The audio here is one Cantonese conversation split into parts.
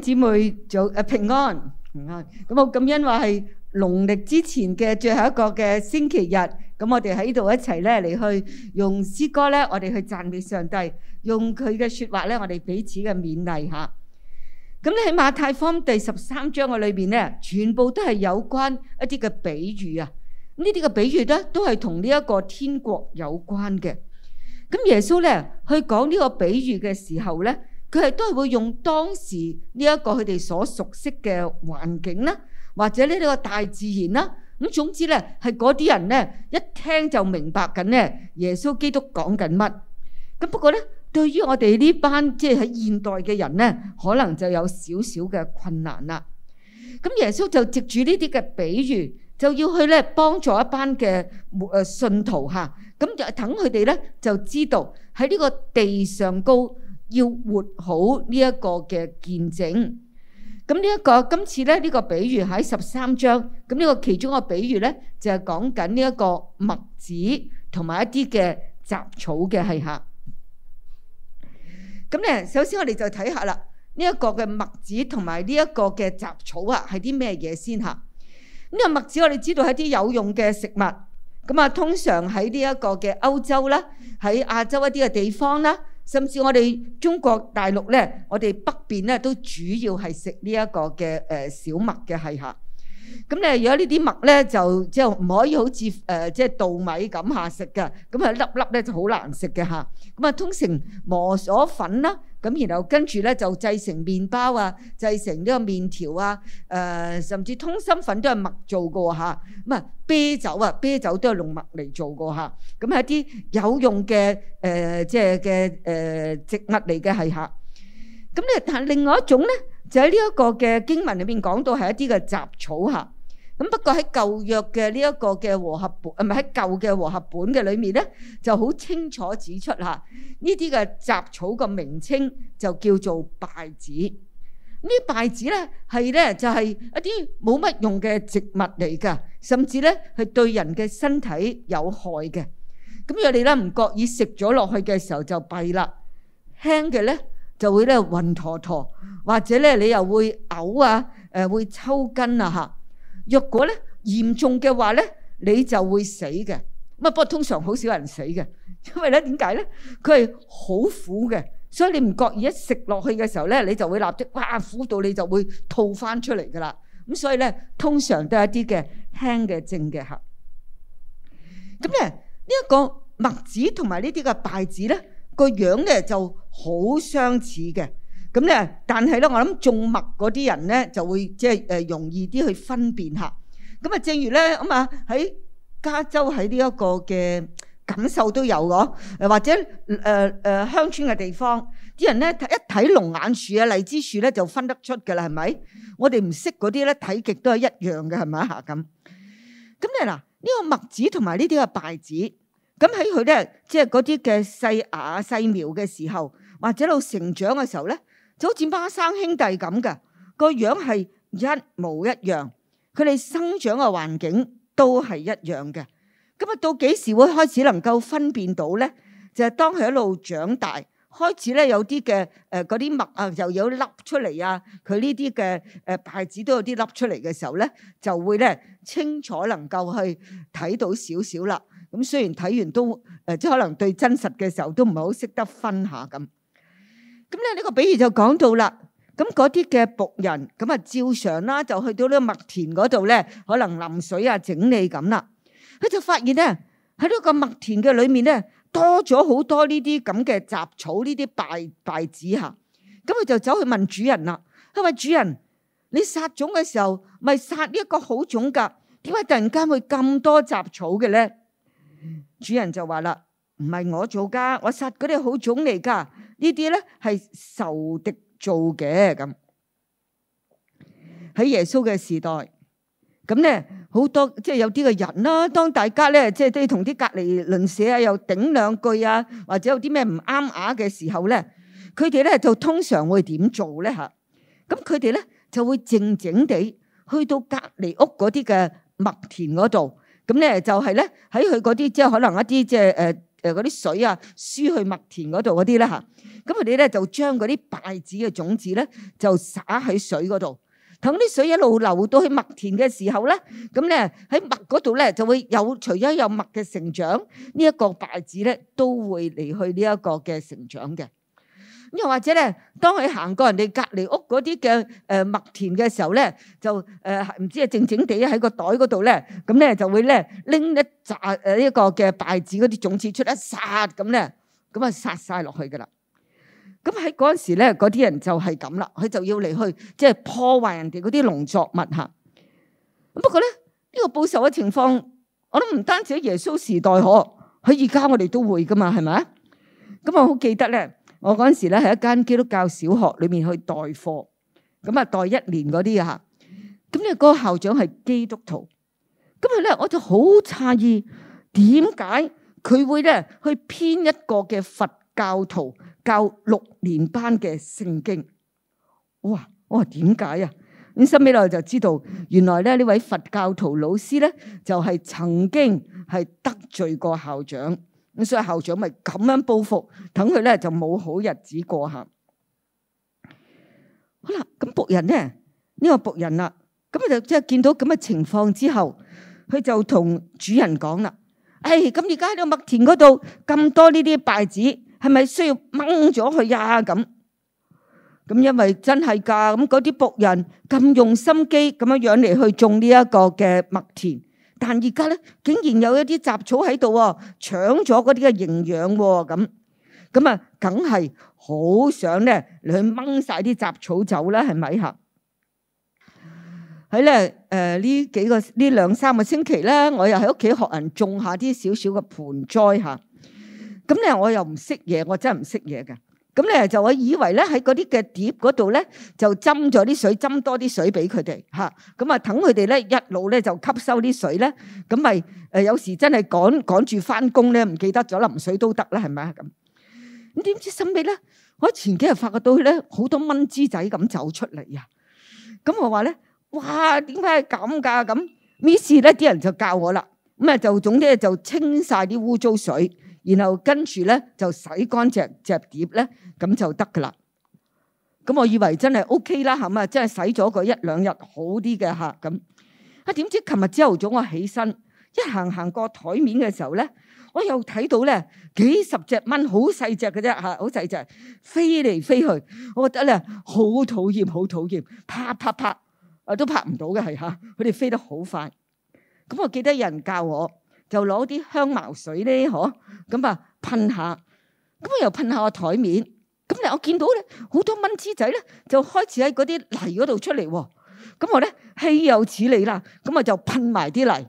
姐妹早，誒、啊、平安平安，咁我咁因為係農曆之前嘅最後一個嘅星期日，咁我哋喺度一齊咧嚟，去用詩歌咧，我哋去讚美上帝，用佢嘅說話咧，我哋彼此嘅勉勵吓。咁你喺馬太福音第十三章嘅裏邊咧，全部都係有關一啲嘅比喻啊。呢啲嘅比喻咧，都係同呢一個天國有關嘅。咁耶穌咧去講呢個比喻嘅時候咧。佢係都係會用當時呢一個佢哋所熟悉嘅環境啦，或者咧呢個大自然啦，咁總之咧係嗰啲人咧一聽就明白緊咧耶穌基督講緊乜。咁不過咧，對於我哋呢班即係喺現代嘅人咧，可能就有少少嘅困難啦。咁耶穌就藉住呢啲嘅比喻，就要去咧幫助一班嘅誒信徒吓。咁就等佢哋咧就知道喺呢個地上高。要活好呢一個嘅見證，咁呢一個今次咧呢個比喻喺十三章，咁呢個其中一個比喻咧就係講緊呢一個麥子同埋一啲嘅雜草嘅係嚇。咁咧，首先我哋就睇下啦，呢一個嘅麥子同埋呢一個嘅雜草啊，係啲咩嘢先嚇？呢啊，麥子我哋知道係啲有用嘅食物，咁啊，通常喺呢一個嘅歐洲啦，喺亞洲一啲嘅地方啦。甚至我哋中國大陸咧，我哋北邊咧都主要係食呢一個嘅誒、呃、小麥嘅係嚇。咁、嗯、咧，如果麥呢啲麥咧就即係唔可以好似誒、呃、即係稻米咁下食嘅，咁、嗯、啊粒粒咧就好難食嘅嚇。咁、嗯、啊，通常磨咗粉啦。咁然後跟住咧就製成麵包啊，製成呢個麵條啊，誒、呃、甚至通心粉都係麥做過嚇、啊，咁、嗯、啊啤酒啊啤酒都係用麥嚟做過嚇、啊，咁係一啲有用嘅誒即係嘅誒植物嚟嘅係嚇。咁咧但係另外一種咧就喺呢一個嘅經文裏邊講到係一啲嘅雜草嚇、啊。咁不過喺舊約嘅呢一個嘅和合本，唔係喺舊嘅和合本嘅裏面咧，就好清楚指出嚇呢啲嘅雜草嘅名稱就叫做稗子。呢啲稗子咧係咧就係一啲冇乜用嘅植物嚟㗎，甚至咧係對人嘅身體有害嘅。咁如果你咧唔覺意食咗落去嘅時候就弊啦，輕嘅咧就會咧暈陀陀，或者咧你又會嘔啊，誒會抽筋啊嚇。若果咧嚴重嘅話咧，你就會死嘅。唔啊不過通常好少人死嘅，因為咧點解咧？佢係好苦嘅，所以你唔覺意一食落去嘅時候咧，你就會立即哇苦到你就會吐翻出嚟噶啦。咁所以咧，通常都係一啲嘅輕嘅症嘅嚇。咁咧呢一個麥子同埋呢啲嘅稗子咧個樣咧就好相似嘅。咁咧，但係咧，我諗種麥嗰啲人咧就會即係誒容易啲去分辨嚇。咁啊，正如咧咁啊，喺加州喺呢一個嘅感受都有㗎，誒或者誒誒、呃呃、鄉村嘅地方，啲人咧一睇龍眼樹啊、荔枝樹咧就分得出㗎啦，係咪？我哋唔識嗰啲咧睇極都係一樣嘅，係咪啊咁？咁咧嗱，呢、這個麥子同埋呢啲嘅稗子，咁喺佢咧即係嗰啲嘅細芽細苗嘅時候，或者到成長嘅時候咧。就好似孖生兄弟咁噶，個樣係一模一樣，佢哋生長嘅環境都係一樣嘅。咁啊，到幾時會開始能夠分辨到咧？就係當佢一路長大，開始咧有啲嘅誒，嗰啲麥啊又有粒出嚟啊，佢呢啲嘅誒，稗子都有啲粒出嚟嘅時候咧，就會咧清楚能夠去睇到少少啦。咁雖然睇完都誒，即係可能對真實嘅時候都唔係好識得分下咁。咁咧呢個比喻就講到啦。咁嗰啲嘅僕人咁啊，照常啦，就去到呢麥田嗰度咧，可能淋水啊、整理咁啦。佢就發現咧，喺呢個麥田嘅裏面咧，多咗好多呢啲咁嘅雜草呢啲稗稗子嚇。咁佢就走去問主人啦。佢話：主人，你撒種嘅時候，咪撒呢一個好種㗎？點解突然間會咁多雜草嘅咧？主人就話啦：唔係我做㗎，我撒嗰啲好種嚟㗎。呢啲咧係仇敵做嘅咁，喺耶穌嘅時代，咁咧好多即係有啲嘅人啦。當大家咧即係都要同啲隔離鄰舍啊，又頂兩句啊，或者有啲咩唔啱牙嘅時候咧，佢哋咧就通常會點做咧嚇？咁佢哋咧就會靜靜地去到隔離屋嗰啲嘅麥田嗰度，咁咧就係咧喺佢嗰啲即係可能一啲即係誒誒嗰啲水啊輸去麥田嗰度嗰啲咧嚇。咁佢哋咧就將嗰啲稗子嘅種子咧，就撒喺水嗰度。等啲水一路流到去麥田嘅時候咧，咁咧喺麥嗰度咧就會有，除咗有麥嘅成長，呢一個稗子咧都會離去呢一個嘅成長嘅。又或者咧，當佢行過人哋隔離屋嗰啲嘅誒麥田嘅時候咧，就誒唔知係靜靜地喺個袋嗰度咧，咁咧就會咧拎一紮誒呢一個嘅稗子嗰啲種子出一撒咁咧，咁啊撒曬落去噶啦。咁喺嗰陣時咧，嗰啲人就係咁啦，佢就要嚟去即係破壞人哋嗰啲農作物嚇。不過咧，呢個報仇嘅情況，我都唔單止喺耶穌時代呵，喺而家我哋都會噶嘛，係咪啊？咁我好記得咧，我嗰陣時咧喺一間基督教小學裏面去代課，咁啊代一年嗰啲啊。咁呢個校長係基督徒，咁佢咧我就好詫異點解佢會咧去編一個嘅佛教徒。教六年班嘅聖經，哇！我話點解啊？咁收尾我就知道，原來咧呢位佛教徒老師咧，就係曾經係得罪過校長，咁所以校長咪咁樣報復，等佢咧就冇好日子過下。好啦，咁僕人咧呢個僕人啦，咁就即係見到咁嘅情況之後，佢就同主人講啦：，哎，咁而家喺麥田嗰度咁多呢啲稗子。係咪需要掹咗佢呀？咁咁，因為真係㗎，咁嗰啲僕人咁用心機咁樣樣嚟去種呢一個嘅麥田，但而家咧竟然有一啲雜草喺度喎，搶咗嗰啲嘅營養喎，咁咁啊，梗係好想咧嚟去掹晒啲雜草走啦，係咪嚇？喺咧誒呢幾個呢兩三個星期咧，我又喺屋企學人種下啲少少嘅盆栽嚇。咁咧我又唔識嘢，我真係唔識嘢嘅。咁咧就我以為咧喺嗰啲嘅碟嗰度咧就斟咗啲水，斟多啲水俾佢哋嚇。咁啊等佢哋咧一路咧就吸收啲水咧。咁咪誒有時真係趕趕住返工咧，唔記得咗淋水都得啦，係咪啊咁？咁點知心尾咧，我前幾日發覺到咧好多蚊滋仔咁走出嚟啊！咁我話咧：哇，點解係咁㗎？咁 Miss 咧啲人就教我啦。咁啊就總之就清晒啲污糟水。然後跟住咧就洗乾淨隻碟咧，咁就得噶啦。咁我以為真係 OK 啦，係咪？真係洗咗個一兩日好啲嘅吓，咁。啊點知琴日朝頭早我起身，一行行過枱面嘅時候咧，我又睇到咧幾十隻蚊，好細隻嘅啫吓，好、啊、細隻飛嚟飛去。我覺得咧好討厭，好討厭，啪啪啪，啪，啊都拍唔到嘅係吓，佢哋、啊、飛得好快。咁我記得有人教我。就攞啲香茅水咧，嗬，咁啊噴下，咁啊又噴下個台面，咁咧我見到咧好多蚊子仔咧就開始喺嗰啲泥嗰度出嚟喎，咁我咧豈有此理啦，咁我就噴埋啲泥，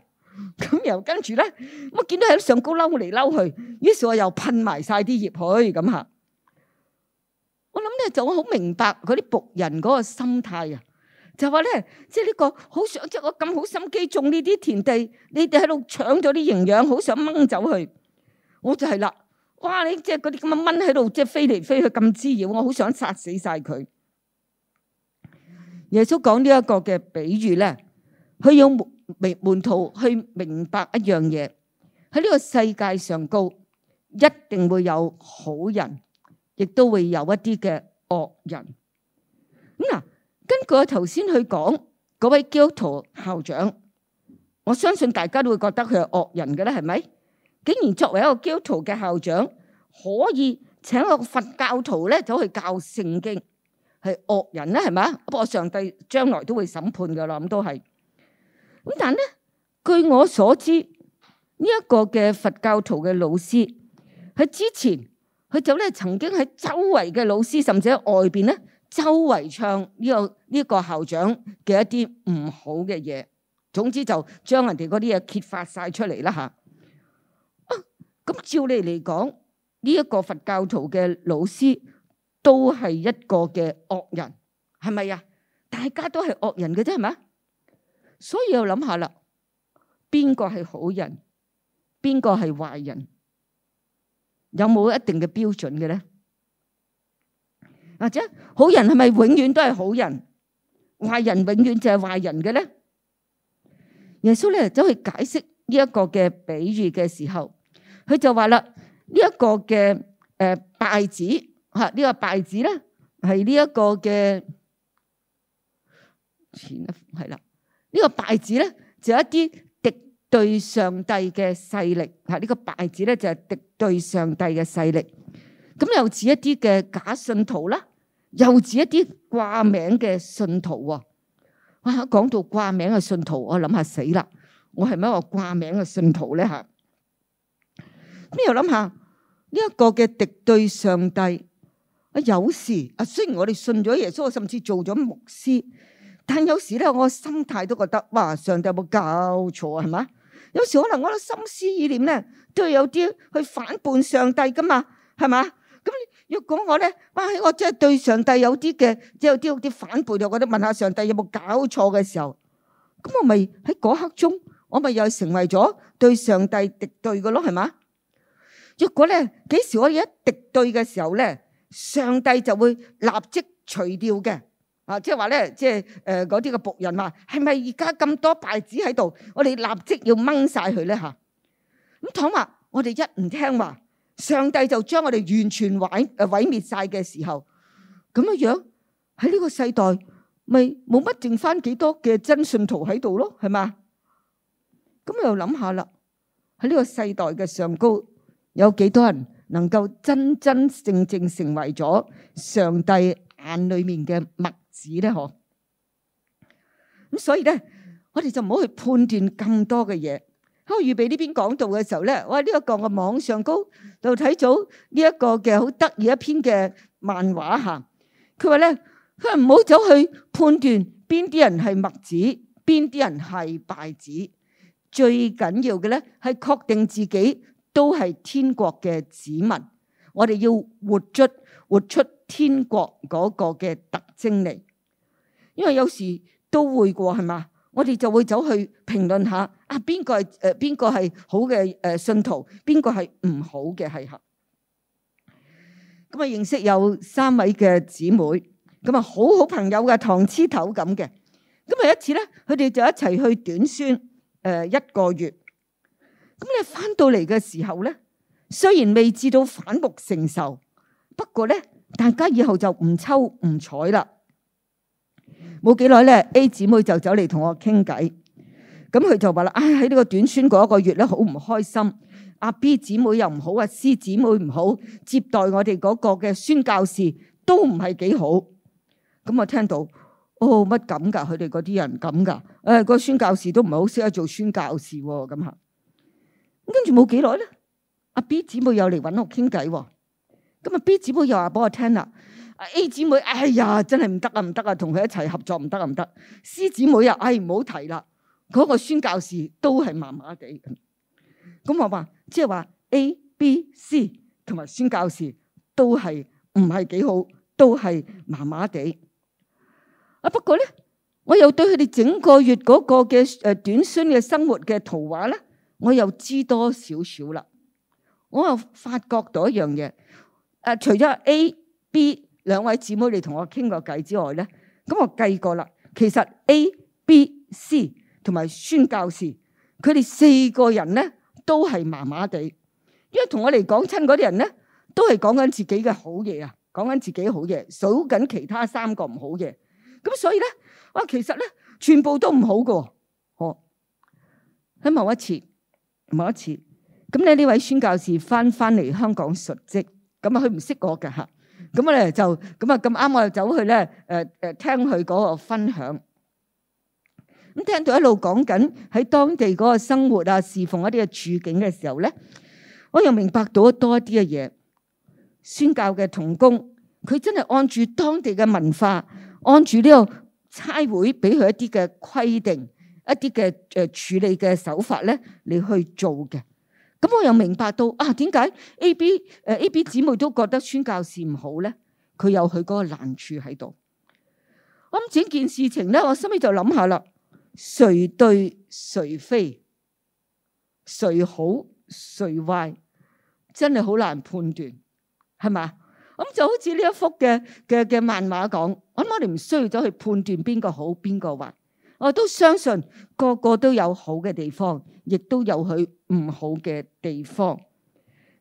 咁又跟住咧，咁啊見到喺上高嬲嚟嬲去，於是我又噴埋晒啲葉去。咁吓，我諗咧就我好明白嗰啲僕人嗰個心態啊。就話咧，即係呢個好想即係我咁好心機種呢啲田地，你哋喺度搶咗啲營養，好想掹走佢，我就係啦。哇！你即係嗰啲咁嘅蚊喺度，即係飛嚟飛去咁滋擾，我好想殺死晒佢。耶穌講呢一個嘅比喻咧，佢要門門徒去明白一樣嘢，喺呢個世界上高，一定會有好人，亦都會有一啲嘅惡人。咁嗱。根據我頭先去講，嗰位基督徒校長，我相信大家都會覺得佢係惡人嘅啦，係咪？竟然作為一個基督徒嘅校長，可以請個佛教徒咧走去教聖經，係惡人咧，係咪？不過上帝將來都會審判噶啦，咁都係。咁但係咧，據我所知，呢一個嘅佛教徒嘅老師，喺之前佢就，曾經喺周圍嘅老師，甚至喺外邊咧。周圍唱呢個呢個校長嘅一啲唔好嘅嘢，總之就將人哋嗰啲嘢揭發晒出嚟啦吓。咁照你嚟講，呢一個佛教徒嘅老師都係一個嘅惡人，係咪啊？大家都係惡人嘅啫，係咪？所以我諗下啦，邊個係好人，邊個係壞人，有冇一定嘅標準嘅咧？或者好人係咪永遠都係好人？壞人永遠就係壞人嘅咧？耶穌咧走去解釋呢一個嘅比喻嘅時候，佢就話啦：呢一個嘅誒稗子吓，呢個稗子咧係呢一個嘅前係啦，呢個稗子咧就係一啲敵對上帝嘅勢力吓，呢個稗子咧就係敵對上帝嘅勢力。咁又指一啲嘅假信徒啦，又指一啲掛名嘅信徒喎。啊，講到掛名嘅信徒，我諗下死啦，我係咪一個掛名嘅信徒咧？吓咁又諗下呢一個嘅敵對上帝啊，有時啊，雖然我哋信咗耶穌，甚至做咗牧師，但有時咧，我心態都覺得哇，上帝有冇教錯啊？係嘛，有時可能我嘅心思意念咧，都有啲去反叛上帝噶嘛，係嘛？若果我咧，哇！我真係對上帝有啲嘅，即係有啲有啲反叛，我覺得問下上帝有冇搞錯嘅時候，咁我咪喺嗰刻中，我咪又成為咗對上帝敵對嘅咯，係嘛？若果咧幾時我哋一敵對嘅時候咧，上帝就會立即除掉嘅。啊，即係話咧，即係誒嗰啲嘅僕人話，係咪而家咁多稗子喺度？我哋立即要掹晒佢咧嚇。咁倘若我哋一唔聽話，上帝就將我哋完全毀誒，毀滅曬嘅時候，咁樣樣喺呢個世代咪冇乜剩翻幾多嘅真信徒喺度咯，係嘛？咁我又諗下啦，喺呢個世代嘅上高有幾多人能夠真真正正成為咗上帝眼裏面嘅麥子咧？嗬！咁所以咧，我哋就唔好去判斷更多嘅嘢。可預備呢篇講道嘅時候咧，我喺呢一個個網上高就睇到呢一個嘅好得意一篇嘅漫畫嚇。佢話咧，佢唔好走去判斷邊啲人係麥子，邊啲人係稗子。最緊要嘅咧，係確定自己都係天國嘅子民。我哋要活出活出天國嗰個嘅特徵嚟，因為有時都會過係嘛。我哋就會走去評論下啊，啊邊個係誒邊個係好嘅誒信徒，邊個係唔好嘅係吓。咁啊、嗯、認識有三位嘅姊妹，咁、嗯、啊好好朋友嘅糖黐頭咁嘅。咁、嗯、啊一次咧，佢哋就一齊去短宣誒、呃、一個月。咁你返到嚟嘅時候咧，雖然未至到反目成仇，不過咧大家以後就唔瞅唔睬啦。冇幾耐咧，A 姊妹就走嚟同我傾偈，咁佢就話啦，哎，喺呢個短宣嗰一個月咧，好唔開心。阿 B 姊妹又唔好啊，C 姊妹唔好，接待我哋嗰個嘅宣教士都唔係幾好。咁我聽到，哦，乜咁噶？佢哋嗰啲人咁噶？誒、哎，個宣教士都唔係好識啊，做宣教士咁吓。咁跟住冇幾耐咧，阿 B 姊妹又嚟搵我傾偈，咁啊 B 姊妹又話俾我聽啦。A 姊妹，哎呀，真係唔得啊，唔得啊，同佢一齊合作唔得啊，唔得、啊。C 姊妹啊，哎，唔好提啦。嗰個宣教士都係麻麻地。咁我話，即係話 A、B、C 同埋宣教士都係唔係幾好，都係麻麻地。啊，不過咧，我又對佢哋整個月嗰個嘅誒短宣嘅生活嘅圖畫咧，我又知多少少啦。我又發覺到一樣嘢，誒、啊，除咗 A、B。兩位姊妹，你同我傾過偈之外咧，咁我計過啦。其實 A、B、C 同埋孫教士，佢哋四個人咧都係麻麻地。因為同我嚟講親嗰啲人咧，都係講緊自己嘅好嘢啊，講緊自己好嘢，數緊其他三個唔好嘢。咁所以咧，哇，其實咧，全部都唔好嘅。好，哦，喺某一次，某一次，咁咧呢位孫教士翻翻嚟香港述職，咁啊，佢唔識我㗎吓。咁我咧，就咁啊，咁啱我又走去咧，誒誒聽佢嗰個分享，咁聽到一路講緊喺當地嗰個生活啊，侍奉一啲嘅處境嘅時候咧，我又明白到多一啲嘅嘢。宣教嘅同工，佢真係按住當地嘅文化，按住呢個差會俾佢一啲嘅規定，一啲嘅誒處理嘅手法咧，你去做嘅。咁我又明白到啊，點解 A、B 誒 A、B 姊妹都覺得宣教士唔好咧？佢有佢嗰個難處喺度。咁、嗯、整件事情咧，我心裏就諗下啦，誰對誰非，誰好誰壞，真係好難判斷，係咪？咁、嗯、就好似呢一幅嘅嘅嘅漫畫講，我諗我哋唔需要走去判斷邊個好，邊個壞。我都相信個個都有好嘅地方，亦都有佢唔好嘅地方。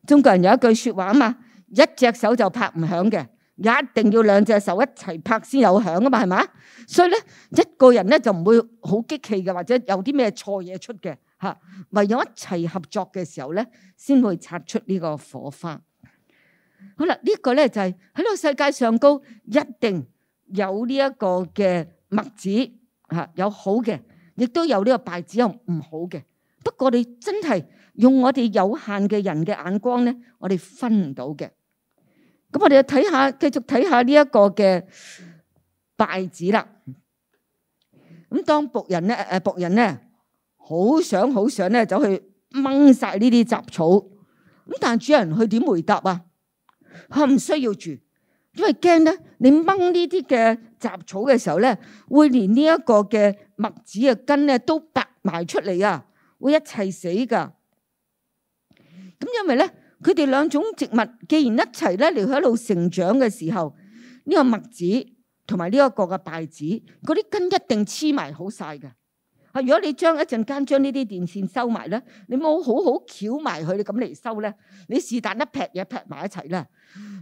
中國人有一句說話啊嘛，一隻手就拍唔響嘅，一定要兩隻手一齊拍先有響啊嘛，係咪？所以咧，一個人咧就唔會好激氣嘅，或者有啲咩錯嘢出嘅吓。唯有一齊合作嘅時候咧，先會擦出呢個火花。好啦，呢個咧就係喺呢個世界上高一定有呢一個嘅麥子。有好嘅，亦都有呢個稗子，有唔好嘅。不過你真係用我哋有限嘅人嘅眼光咧，我哋分唔到嘅。咁我哋就睇下，繼續睇下呢一個嘅稗子啦。咁當僕人咧，誒僕人咧，好想好想咧，走去掹晒呢啲雜草。咁但係主人佢點回答啊？佢唔需要住。因為驚咧，你掹呢啲嘅雜草嘅時候咧，會連呢一個嘅麥子嘅根咧都拔埋出嚟啊！會一齊死噶。咁因為咧，佢哋兩種植物既然一齊咧嚟喺一路成長嘅時候，呢、這個麥子同埋呢一個嘅稗子嗰啲根一定黐埋好晒㗎。啊！如果你將一陣間將呢啲電線收埋咧，你冇好好翹埋佢，你咁嚟收咧，你是但一劈嘢劈埋一齊啦。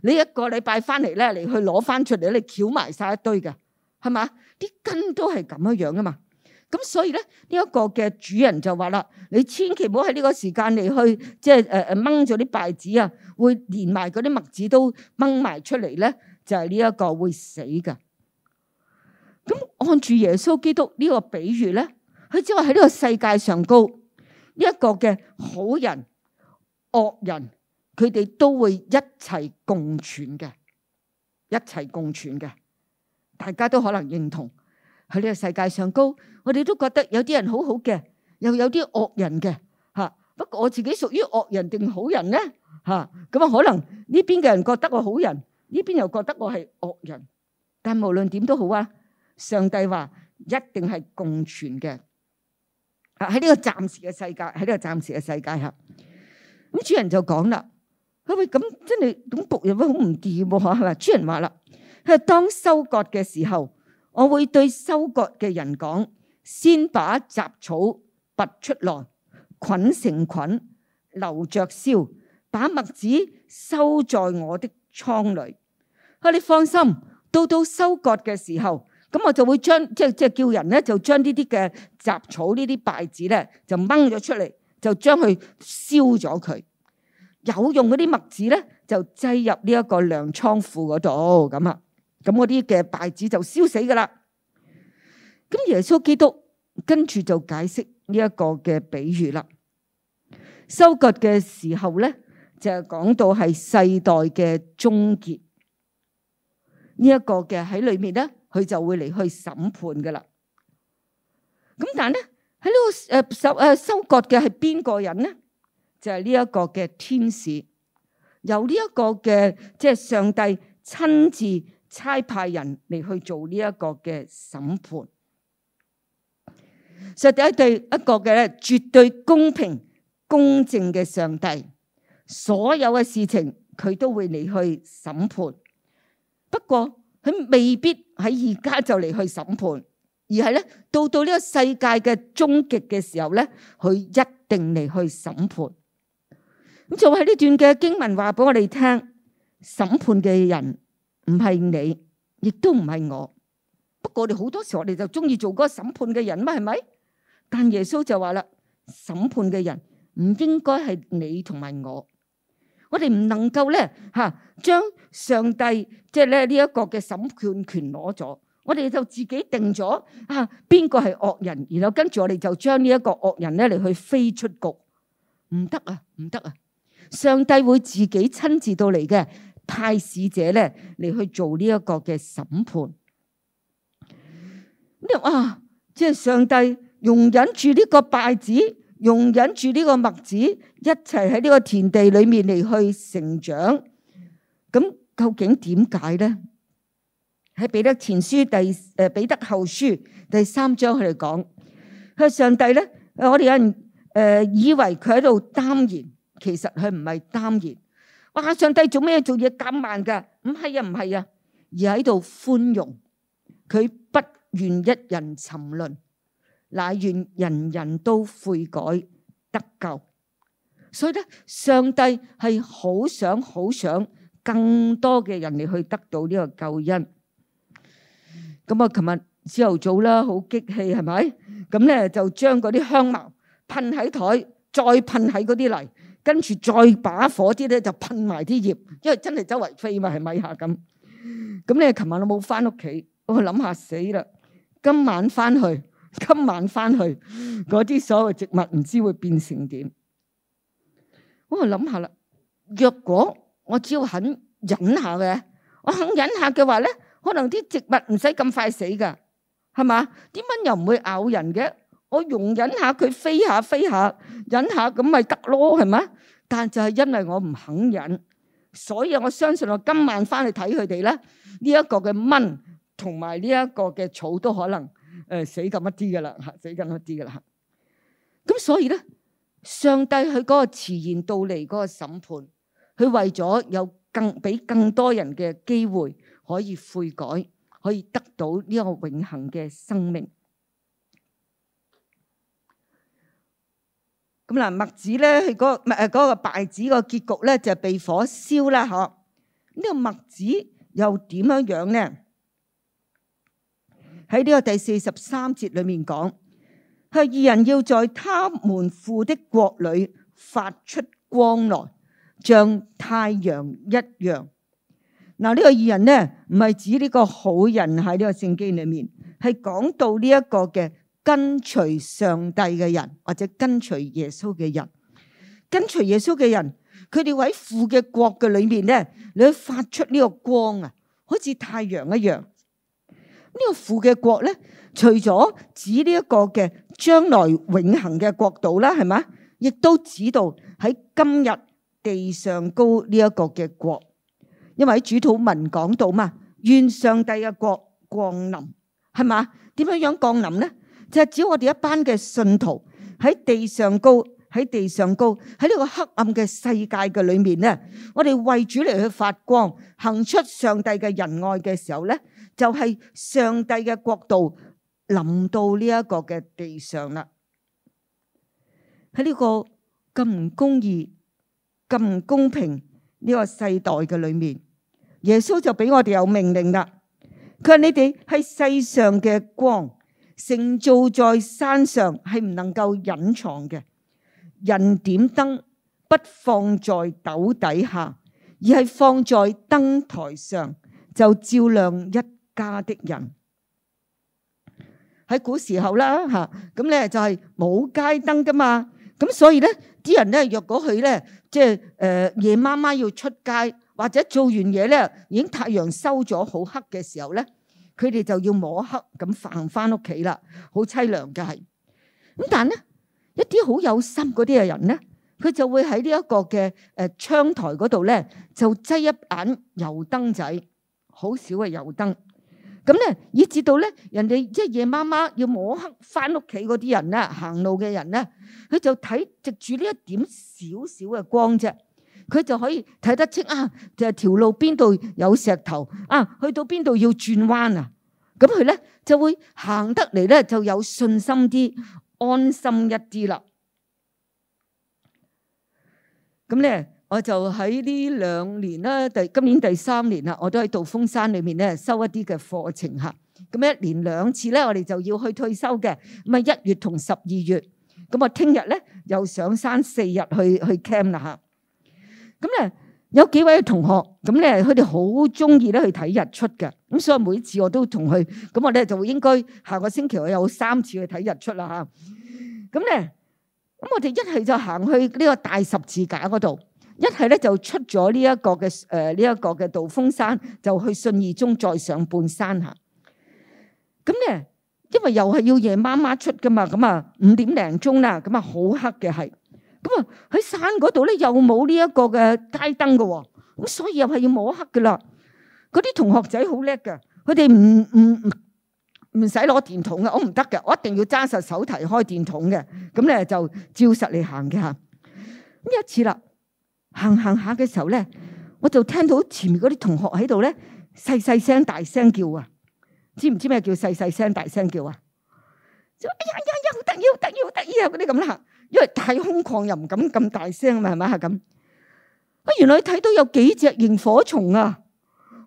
你一個禮拜翻嚟咧，嚟去攞翻出嚟咧，你翹埋曬一堆嘅，係嘛？啲根都係咁樣樣噶嘛。咁所以咧，呢一個嘅主人就話啦，你千祈唔好喺呢個時間嚟去，即係誒誒掹咗啲稗子啊，會連埋嗰啲麥子都掹埋出嚟咧，就係呢一個會死嘅。咁按住耶穌基督呢個比喻咧。佢只話喺呢個世界上高呢一個嘅好人、惡人，佢哋都會一齊共存嘅，一齊共存嘅。大家都可能認同喺呢個世界上高。我哋都覺得有啲人好好嘅，又有啲惡人嘅嚇。不過我自己屬於惡人定好人咧嚇咁啊？可能呢邊嘅人覺得我好人，呢邊又覺得我係惡人。但無論點都好啊，上帝話一定係共存嘅。喺呢個暫時嘅世界，喺呢個暫時嘅世界下，咁主人就講啦：，喂喂，咁真係種僕人都好唔掂喎，係嘛？主人話啦：，當收割嘅時候，我會對收割嘅人講，先把雜草拔出來，捆成捆，留着燒，把麥子收在我的倉裏。你放心，到到收割嘅時候。咁我就會將即係即係叫人咧，就將呢啲嘅雜草呢啲稗子咧，就掹咗出嚟，就將佢燒咗佢。有用嗰啲麥子咧，就擠入呢一個糧倉庫嗰度。咁啊，咁嗰啲嘅稗子就燒死噶啦。咁耶穌基督跟住就解釋呢一個嘅比喻啦。收割嘅時候咧，就係講到係世代嘅終結。呢一個嘅喺裏面咧。佢就會嚟去審判噶啦，咁但係咧，喺呢個誒收誒收割嘅係邊個人咧？就係呢一個嘅天使，由呢一個嘅即係上帝親自差派人嚟去做呢一個嘅審判。實際上對一個嘅咧絕對公平公正嘅上帝，所有嘅事情佢都會嚟去審判，不過佢未必。喺而家就嚟去審判，而係咧到到呢個世界嘅終極嘅時候咧，佢一定嚟去審判。咁就喺呢段嘅經文話俾我哋聽，審判嘅人唔係你，亦都唔係我。不過我哋好多時我哋就中意做嗰個審判嘅人嘛，係咪？但耶穌就話啦，審判嘅人唔應該係你同埋我。我哋唔能夠咧嚇，將上帝即係咧呢一個嘅審判權攞咗，我哋就自己定咗啊，邊個係惡人然後跟住我哋就將呢一個惡人咧嚟去飛出局。唔得啊，唔得啊！上帝會自己親自到嚟嘅，派使者咧嚟去做呢一個嘅審判。咁啊，即係上帝容忍住呢個稗子。容忍住呢個麥子一齊喺呢個田地裏面嚟去成長，咁究竟點解咧？喺彼得前書第誒，彼得後書第三章佢哋講，佢話上帝咧，我哋有人誒以為佢喺度耽延，其實佢唔係耽延。哇！上帝做咩做嘢咁慢噶？唔係啊，唔係啊，而喺度寬容，佢不願一人沉淪。乃願人人都悔改得救，所以咧，上帝係好想好想更多嘅人嚟去得到呢個救恩。咁啊，琴日朝頭早啦，好激氣係咪？咁咧就將嗰啲香茅噴喺台再噴喺嗰啲泥，跟住再把火啲咧就噴埋啲葉，因為真係周圍飛嘛，係米下咁。咁咧，琴晚我冇翻屋企，我諗下死啦，今晚翻去。今晚翻去嗰啲所有植物唔知會變成點？我諗下啦，若果我只要肯忍下嘅，我肯忍下嘅話咧，可能啲植物唔使咁快死噶，係嘛？啲蚊又唔會咬人嘅，我容忍下佢飛下飛下，忍下咁咪得咯，係咪？但就係因為我唔肯忍，所以我相信我今晚翻去睇佢哋咧，呢一個嘅蚊同埋呢一個嘅草都可能。誒、呃，死咁一啲噶啦，吓死咁一啲噶啦。咁、嗯、所以咧，上帝佢嗰個遲延到嚟嗰個審判，佢為咗有更俾更多人嘅機會可以悔改，可以得到呢個永恒嘅生命。咁嗱、嗯，麥子咧，佢嗰個誒個稗子個結局咧，就係、是、被火燒啦。嗬、嗯，呢個麥子又點樣樣咧？喺呢個第四十三節裏面講，係義人要在他們父的國裏發出光來，像太陽一樣。嗱，呢個義人咧唔係指呢個好人喺呢個聖經裏面，係講到呢一個嘅跟隨上帝嘅人或者跟隨耶穌嘅人，跟隨耶穌嘅人，佢哋喺父嘅國嘅裏面咧，你發出呢個光啊，好似太陽一樣。呢個父嘅國咧，除咗指呢一個嘅將來永恆嘅國度啦，係嘛？亦都指到喺今日地上高呢一個嘅國，因為喺主禱文講到嘛，願上帝嘅國降臨，係嘛？點樣樣降臨咧？就係指我哋一班嘅信徒喺地上高，喺地上高，喺呢個黑暗嘅世界嘅裏面咧，我哋為主嚟去發光，行出上帝嘅仁愛嘅時候咧。就係上帝嘅國度臨到呢一個嘅地上啦，喺呢個咁唔公義、咁唔公平呢個世代嘅裏面，耶穌就俾我哋有命令啦。佢話你哋係世上嘅光，城造在山上係唔能夠隱藏嘅，人點燈不放在斗底下，而係放在燈檯上，就照亮一家的人喺古時候啦吓，咁咧就係冇街燈噶嘛，咁所以咧啲人咧，若果佢咧即係誒夜媽媽要出街或者做完嘢咧，已經太陽收咗好黑嘅時候咧，佢哋就要摸黑咁行翻屋企啦，好凄涼嘅係。咁但係咧，一啲好有心嗰啲嘅人咧，佢就會喺呢一個嘅誒窗台嗰度咧，就擠一盞油燈仔，好小嘅油燈。咁咧，以至到咧，人哋即係夜媽媽要摸黑返屋企嗰啲人咧，行路嘅人咧，佢就睇藉住呢一點小小嘅光啫，佢就可以睇得清啊，就係條路邊度有石頭啊，去到邊度要轉彎啊，咁佢咧就會行得嚟咧就有信心啲，安心一啲啦。咁咧。我就喺呢兩年咧，第今年第三年啦，我都喺道風山裏面咧收一啲嘅課程嚇。咁一年兩次咧，我哋就要去退休嘅。咁啊一月同十二月，咁我聽日咧又上山四日去去 Camp 啦嚇。咁咧有幾位同學，咁咧佢哋好中意咧去睇日出嘅。咁所以每次我都同佢，咁我咧就會應該下個星期我有三次去睇日出啦嚇。咁咧，咁我哋一齊就行去呢個大十字架嗰度。一係咧就出咗呢一個嘅誒呢一個嘅道風山，就去信義中再上半山吓。咁咧，因為又係要夜麻麻出噶嘛，咁啊五點零鐘啦，咁啊好黑嘅係，咁啊喺山嗰度咧又冇呢一個嘅街燈㗎，咁所以又係要摸黑噶啦。嗰啲同學仔好叻㗎，佢哋唔唔唔唔使攞電筒呀，我唔得㗎，我一定要揸實手提開電筒嘅，咁咧就照實嚟行嘅吓。咁一次啦。行行下嘅時候咧，我就聽到前面嗰啲同學喺度咧細細聲大聲叫啊！知唔知咩叫細細聲大聲叫啊？就哎呀呀呀，好得意，好得意，好得意啊！嗰啲咁啦，因為太空曠又唔敢咁大聲嘛，係咪啊咁？啊，原來你睇到有幾隻螢火蟲啊！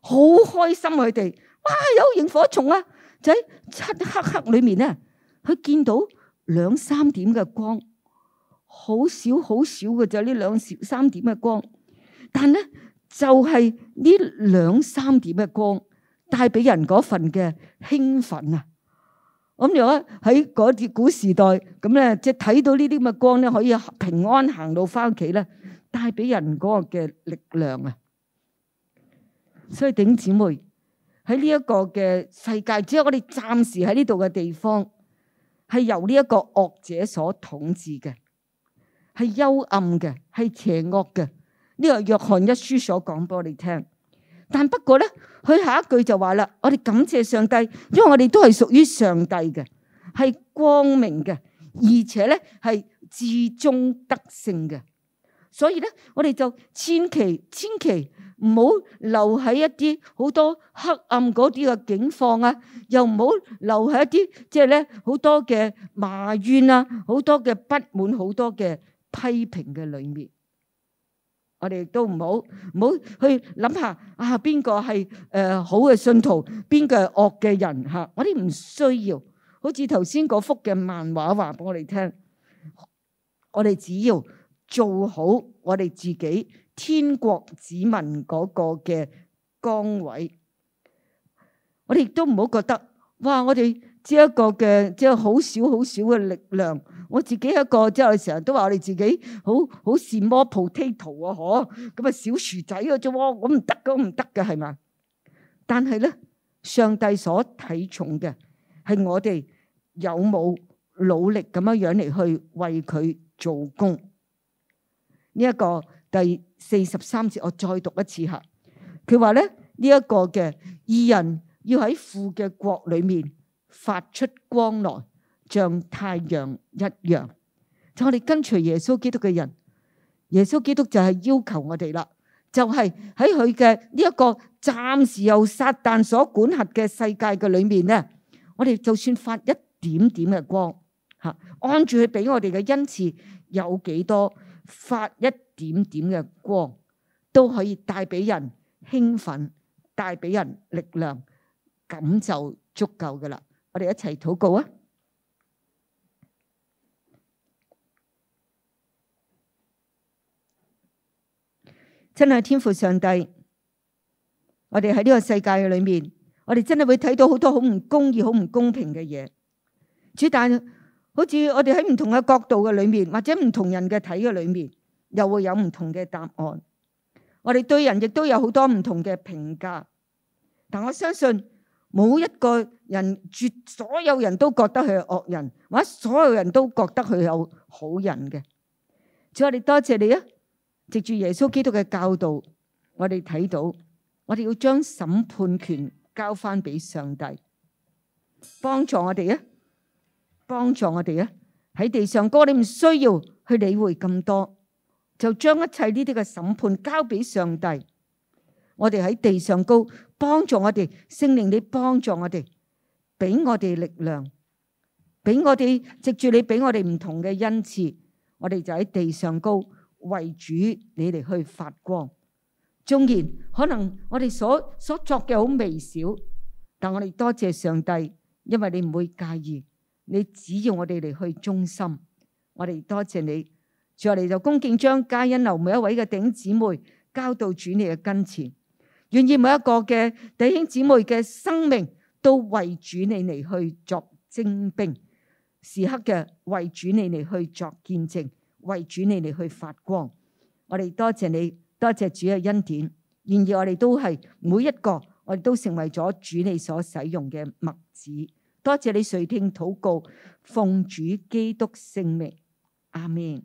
好開心啊。佢哋，哇！有螢火蟲啊！就喺漆黑黑裏面咧，佢見到兩三點嘅光。好少好少嘅就呢兩三點嘅光，但咧就係呢兩三點嘅光帶俾人嗰份嘅興奮啊！咁如果喺嗰段古時代，咁咧即係睇到呢啲咁嘅光咧，可以平安行到返屋企咧，帶俾人嗰個嘅力量啊！所以頂姊妹喺呢一個嘅世界，只係我哋暫時喺呢度嘅地方，係由呢一個惡者所統治嘅。係幽暗嘅，係邪惡嘅。呢個係約翰一書所講，俾我哋聽。但不過咧，佢下一句就話啦：我哋感謝上帝，因為我哋都係屬於上帝嘅，係光明嘅，而且咧係至終得勝嘅。所以咧，我哋就千祈千祈唔好留喺一啲好多黑暗嗰啲嘅境況啊，又唔好留喺一啲即係咧好多嘅埋怨啊，好多嘅不滿，好多嘅。批評嘅裏面，我哋亦都唔好唔好去諗下啊，邊個係誒好嘅信徒，邊個係惡嘅人吓，我哋唔需要。好似頭先嗰幅嘅漫畫話俾我哋聽，我哋只要做好我哋自己天國子民嗰個嘅崗位，我哋亦都唔好覺得哇，我哋。即一個嘅，即好少好少嘅力量。我自己一個，即我成日都話我哋自己好好羨慕 potato 啊，嗬，咁啊小薯仔啊，啫、哦、喎，我唔得嘅，我唔得嘅係嘛？但係咧，上帝所睇重嘅係我哋有冇努力咁樣樣嚟去為佢做工。呢、這、一個第四十三節，我再讀一次下。佢話咧，呢、這、一個嘅義人要喺父嘅國裏面。發出光來，像太陽一樣。就我哋跟隨耶穌基督嘅人，耶穌基督就係要求我哋啦。就係喺佢嘅呢一個暫時由撒但所管轄嘅世界嘅裏面咧，我哋就算發一點點嘅光，吓按住佢俾我哋嘅恩賜有幾多，發一點點嘅光都可以帶俾人興奮，帶俾人力量，咁就足夠噶啦。我哋一齊禱告啊！真係天父上帝，我哋喺呢個世界裏面，我哋真係會睇到好多好唔公義、好唔公平嘅嘢。主，但係，好似我哋喺唔同嘅角度嘅裏面，或者唔同人嘅睇嘅裏面，又會有唔同嘅答案。我哋對人亦都有好多唔同嘅評價，但我相信。冇一個人絕，所有人都覺得佢係惡人，或者所有人都覺得佢係好人嘅。所以我哋多謝你啊！藉住耶穌基督嘅教導，我哋睇到，我哋要將審判權交翻俾上帝，幫助我哋啊！幫助我哋啊！喺地上哥，你唔需要去理會咁多，就將一切呢啲嘅審判交俾上帝。我哋喺地上高，幫助我哋，聖靈你幫助我哋，俾我哋力量，俾我哋藉住你俾我哋唔同嘅恩賜，我哋就喺地上高為主你哋去發光。縱然可能我哋所所作嘅好微小，但我哋多謝上帝，因為你唔會介意，你只要我哋嚟去忠心，我哋多謝你。再嚟就恭敬將加恩樓每一位嘅頂姊妹交到主你嘅跟前。願意每一個嘅弟兄姊妹嘅生命都為主你嚟去作精兵，時刻嘅為主你嚟去作見證，為主你嚟去發光。我哋多謝你，多謝主嘅恩典。願意我哋都係每一個，我哋都成為咗主你所使用嘅麥子。多謝你垂聽禱告，奉主基督聖名。阿們。